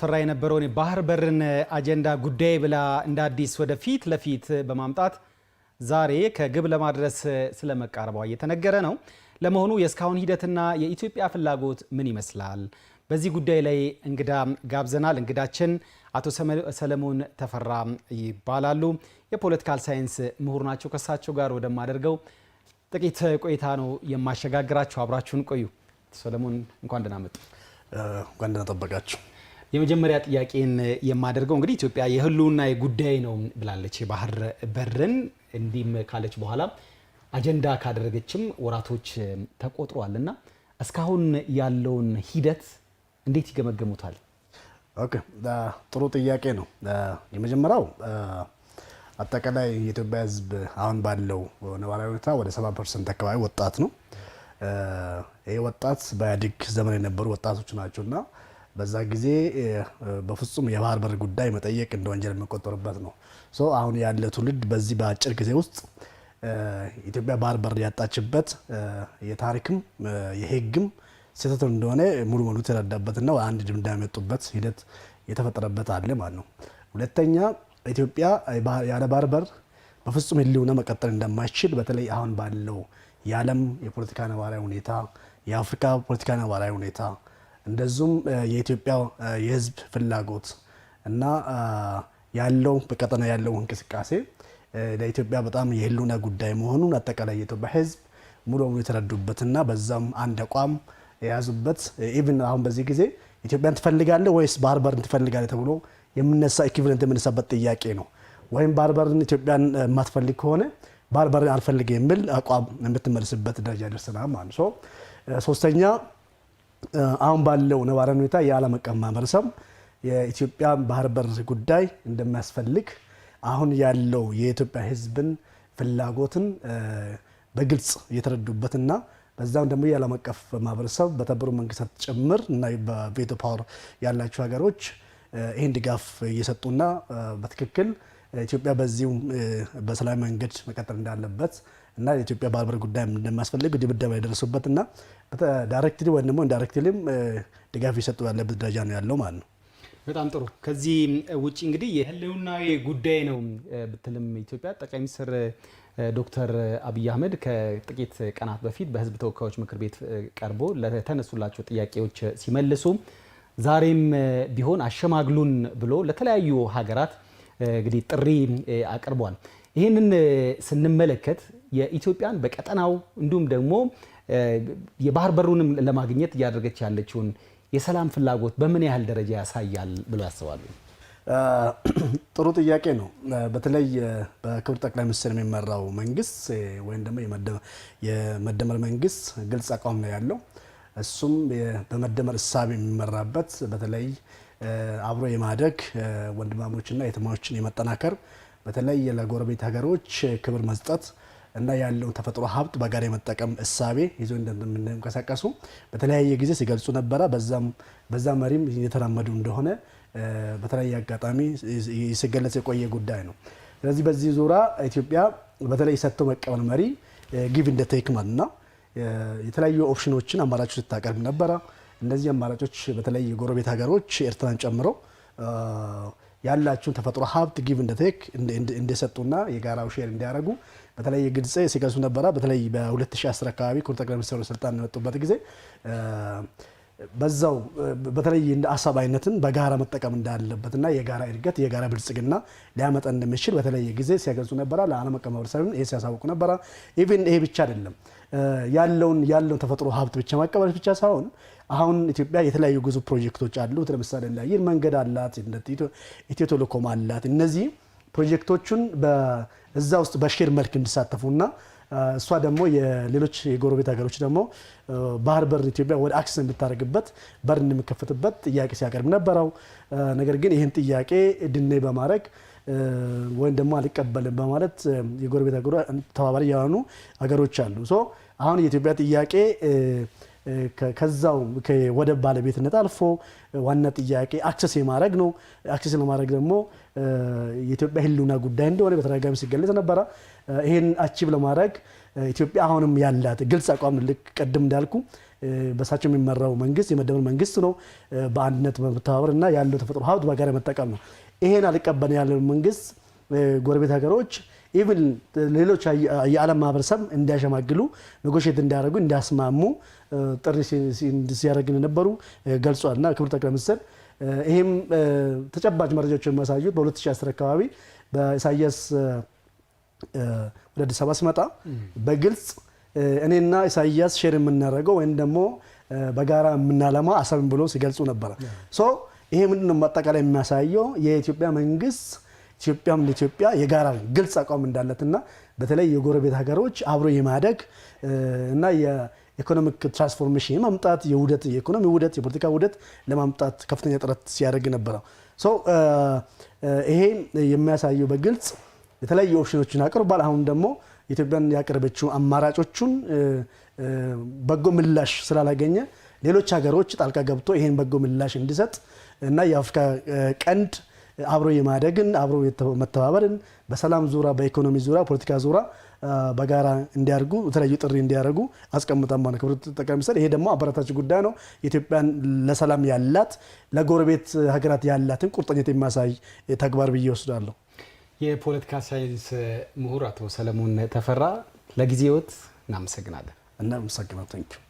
ሰራ የነበረውን የባህር በርን አጀንዳ ጉዳይ ብላ እንደ አዲስ ወደ ፊት ለፊት በማምጣት ዛሬ ከግብ ለማድረስ ስለመቃረቧ እየተነገረ ነው። ለመሆኑ የእስካሁን ሂደትና የኢትዮጵያ ፍላጎት ምን ይመስላል? በዚህ ጉዳይ ላይ እንግዳ ጋብዘናል። እንግዳችን አቶ ሰለሞን ተፈራ ይባላሉ። የፖለቲካል ሳይንስ ምሁር ናቸው። ከእሳቸው ጋር ወደማደርገው ጥቂት ቆይታ ነው የማሸጋግራችሁ። አብራችሁን ቆዩ። ሰለሞን እንኳን ደህና መጡ። እንኳን ደህና ጠበቃችሁ። የመጀመሪያ ጥያቄን የማደርገው እንግዲህ ኢትዮጵያ የህልውና ጉዳይ ነው ብላለች የባህር በርን። እንዲህም ካለች በኋላ አጀንዳ ካደረገችም ወራቶች ተቆጥሯል እና እስካሁን ያለውን ሂደት እንዴት ይገመገሙታል? ጥሩ ጥያቄ ነው። የመጀመሪያው አጠቃላይ የኢትዮጵያ ህዝብ አሁን ባለው ነባራዊ ሁኔታ ወደ 70 ፐርሰንት አካባቢ ወጣት ነው። ይህ ወጣት በኢህአዴግ ዘመን የነበሩ ወጣቶች ናቸው እና በዛ ጊዜ በፍጹም የባህር በር ጉዳይ መጠየቅ እንደ ወንጀል የሚቆጠርበት ነው። አሁን ያለ ትውልድ በዚህ በአጭር ጊዜ ውስጥ ኢትዮጵያ ባህር በር ያጣችበት የታሪክም የሕግም ስህተት እንደሆነ ሙሉ ሙሉ ተረዳበትና አንድ ድምዳ የመጡበት ሂደት የተፈጠረበት አለ ማለት ነው። ሁለተኛ ኢትዮጵያ ያለ ባህር በር በፍጹም ህልውና መቀጠል እንደማይችል በተለይ አሁን ባለው የዓለም የፖለቲካ ነባራዊ ሁኔታ፣ የአፍሪካ ፖለቲካ ነባራዊ ሁኔታ እንደዚሁም የኢትዮጵያ የህዝብ ፍላጎት እና ያለው በቀጠና ያለው እንቅስቃሴ ለኢትዮጵያ በጣም የህልውና ጉዳይ መሆኑን አጠቃላይ የኢትዮጵያ ህዝብ ሙሉ በሙሉ የተረዱበትና በዛም አንድ አቋም የያዙበት ኢቭን አሁን በዚህ ጊዜ ኢትዮጵያን ትፈልጋለ ወይስ ባርበርን ትፈልጋለ ተብሎ የምነሳ ኢኩቪለንት የምነሳበት ጥያቄ ነው። ወይም ባርበርን ኢትዮጵያን የማትፈልግ ከሆነ ባርበርን አልፈልግ የሚል አቋም የምትመልስበት ደረጃ ደርሰናል ማለት ሶስተኛ አሁን ባለው ነባራዊ ሁኔታ የዓለም አቀፍ ማህበረሰብ የኢትዮጵያ ባህር በር ጉዳይ እንደሚያስፈልግ አሁን ያለው የኢትዮጵያ ሕዝብን ፍላጎትን በግልጽ የተረዱበትና በዛም ደግሞ የዓለም አቀፍ ማህበረሰብ በተባበሩ መንግስታት ጭምር እና በቬቶ ፓወር ያላቸው ሀገሮች ይህን ድጋፍ እየሰጡና በትክክል ኢትዮጵያ በዚሁ በሰላማዊ መንገድ መቀጠል እንዳለበት እና የኢትዮጵያ ባህር በር ጉዳይ እንደማስፈልግ ድብደባ የደረሱበት እና ዳይሬክትሊ ወይም ደግሞ ኢንዳይሬክትሊም ድጋፍ ይሰጡ ያለበት ደረጃ ነው ያለው ማለት ነው። በጣም ጥሩ። ከዚህ ውጭ እንግዲህ የህልውናዊ ጉዳይ ነው ብትልም ኢትዮጵያ ጠቅላይ ሚኒስትር ዶክተር አብይ አህመድ ከጥቂት ቀናት በፊት በህዝብ ተወካዮች ምክር ቤት ቀርቦ ለተነሱላቸው ጥያቄዎች ሲመልሱ ዛሬም ቢሆን አሸማግሉን ብሎ ለተለያዩ ሀገራት እንግዲህ ጥሪ አቅርቧል። ይህንን ስንመለከት የኢትዮጵያን በቀጠናው እንዲሁም ደግሞ የባህር በሩንም ለማግኘት እያደረገች ያለችውን የሰላም ፍላጎት በምን ያህል ደረጃ ያሳያል ብሎ ያስባሉ? ጥሩ ጥያቄ ነው። በተለይ በክብር ጠቅላይ ሚኒስትር የሚመራው መንግስት ወይም ደግሞ የመደመር መንግስት ግልጽ አቋም ነው ያለው። እሱም በመደመር እሳቢ የሚመራበት በተለይ አብሮ የማደግ ወንድማሞችና የትማዎችን የመጠናከር በተለይ ለጎረቤት ሀገሮች ክብር መስጠት እና ያለውን ተፈጥሮ ሀብት በጋራ የመጠቀም እሳቤ ይዞ እንደምንንቀሳቀሱ በተለያየ ጊዜ ሲገልጹ ነበረ። በዛ መሪም እየተራመዱ እንደሆነ በተለያየ አጋጣሚ ሲገለጽ የቆየ ጉዳይ ነው። ስለዚህ በዚህ ዙሪያ ኢትዮጵያ በተለይ ሰጥቶ መቀበል መሪ ጊቭ እንደ ቴክ ማለት ነው የተለያዩ ኦፕሽኖችን አማራጮች ስታቀርብ ነበረ። እነዚህ አማራጮች በተለይ የጎረቤት ሀገሮች ኤርትራን ጨምረው ያላችሁን ተፈጥሮ ሀብት ጊቭ እንደቴክ እንደሰጡና የጋራው ሼር እንዲያደርጉ በተለይ ግብፅ ሲገዙ ነበረ። በተለይ በ2010 አካባቢ ክቡር ጠቅላይ ሚኒስትሩ ስልጣን የመጡበት ጊዜ በዛው በተለይ እንደ አሳብ አይነትን በጋራ መጠቀም እንዳለበትና የጋራ እድገት የጋራ ብልጽግና ሊያመጣ እንደሚችል በተለየ ጊዜ ሲያገልጹ ነበረ። ለዓለም አቀፍ ማህበረሰብም ይሄ ሲያሳውቁ ነበረ። ኢቭን ይሄ ብቻ አይደለም ያለውን ያለውን ተፈጥሮ ሀብት ብቻ ማቀበል ብቻ ሳይሆን አሁን ኢትዮጵያ የተለያዩ ጉዙ ፕሮጀክቶች አሉት። ለምሳሌ ለአየር መንገድ አላት፣ ኢትዮ ቴሌኮም አላት። እነዚህ ፕሮጀክቶቹን እዛ ውስጥ በሼር መልክ እንዲሳተፉና እሷ ደግሞ የሌሎች የጎረቤት ሀገሮች ደግሞ ባህር በር ኢትዮጵያ ወደ አክሰስ የምታደርግበት በር እንደሚከፈትበት ጥያቄ ሲያቀርብ ነበረው። ነገር ግን ይህን ጥያቄ ድኔ በማድረግ ወይም ደግሞ አልቀበልም በማለት የጎረቤት ተባባሪ የሆኑ ሀገሮች አሉ። አሁን የኢትዮጵያ ጥያቄ ከዛው ወደብ ባለቤትነት አልፎ ዋና ጥያቄ አክሰስ የማድረግ ነው። አክሰስ ለማድረግ ደግሞ የኢትዮጵያ ሕልውና ጉዳይ እንደሆነ በተደጋጋሚ ሲገለጽ ነበረ። ይህን አቺቭ ለማድረግ ኢትዮጵያ አሁንም ያላት ግልጽ አቋም ልክ ቀድም እንዳልኩ በሳቸው የሚመራው መንግስት የመደመር መንግስት ነው። በአንድነት በመተባበር እና ያለው ተፈጥሮ ሀብት በጋራ መጠቀም ነው። ይሄን አልቀበል ያለው መንግስት ጎረቤት ሀገሮች ኢቭን ሌሎች የዓለም ማህበረሰብ እንዲያሸማግሉ ነጎሼት እንዲያደርጉ እንዲያስማሙ ጥሪ ሲያደርግን የነበሩ ገልጿል። እና ክቡር ጠቅላይ ሚኒስትር ይህም ተጨባጭ መረጃዎች የሚያሳዩት በ2010 አካባቢ በኢሳያስ ወደ አዲስ አበባ ሲመጣ በግልጽ እኔና ኢሳያስ ሼር የምናደርገው ወይም ደግሞ በጋራ የምናለማ አሰብን ብሎ ሲገልጹ ነበረ። ይሄ ምንድነው ማጠቃላይ የሚያሳየው የኢትዮጵያ መንግስት ኢትዮጵያም ለኢትዮጵያ የጋራ ግልጽ አቋም እንዳለትና በተለይ የጎረቤት ሀገሮች አብሮ የማደግ እና የኢኮኖሚክ ትራንስፎርሜሽን የማምጣት የውደት የኢኮኖሚ ውደት የፖለቲካ ውደት ለማምጣት ከፍተኛ ጥረት ሲያደርግ ነበረው። ይሄ የሚያሳየው በግልጽ የተለያዩ ኦፕሽኖችን አቅርቧል። አሁን ደግሞ ኢትዮጵያን ያቀረበችው አማራጮቹን በጎ ምላሽ ስላላገኘ ሌሎች ሀገሮች ጣልቃ ገብቶ ይሄን በጎ ምላሽ እንዲሰጥ እና የአፍሪካ ቀንድ አብሮ የማደግን አብሮ መተባበርን በሰላም ዙራ በኢኮኖሚ ዙሪያ፣ ፖለቲካ ዙራ በጋራ እንዲያደርጉ የተለያዩ ጥሪ እንዲያደርጉ አስቀምጠን ማለት ክብር ጠቅላይ ሚኒስትር፣ ይሄ ደግሞ አበረታች ጉዳይ ነው። ኢትዮጵያን ለሰላም ያላት ለጎረቤት ሀገራት ያላትን ቁርጠኝነት የሚያሳይ ተግባር ብዬ ወስዳለሁ። የፖለቲካ ሳይንስ ምሁር አቶ ሰለሞን ተፈራ ለጊዜዎት እናመሰግናለን። እናመሰግናለን።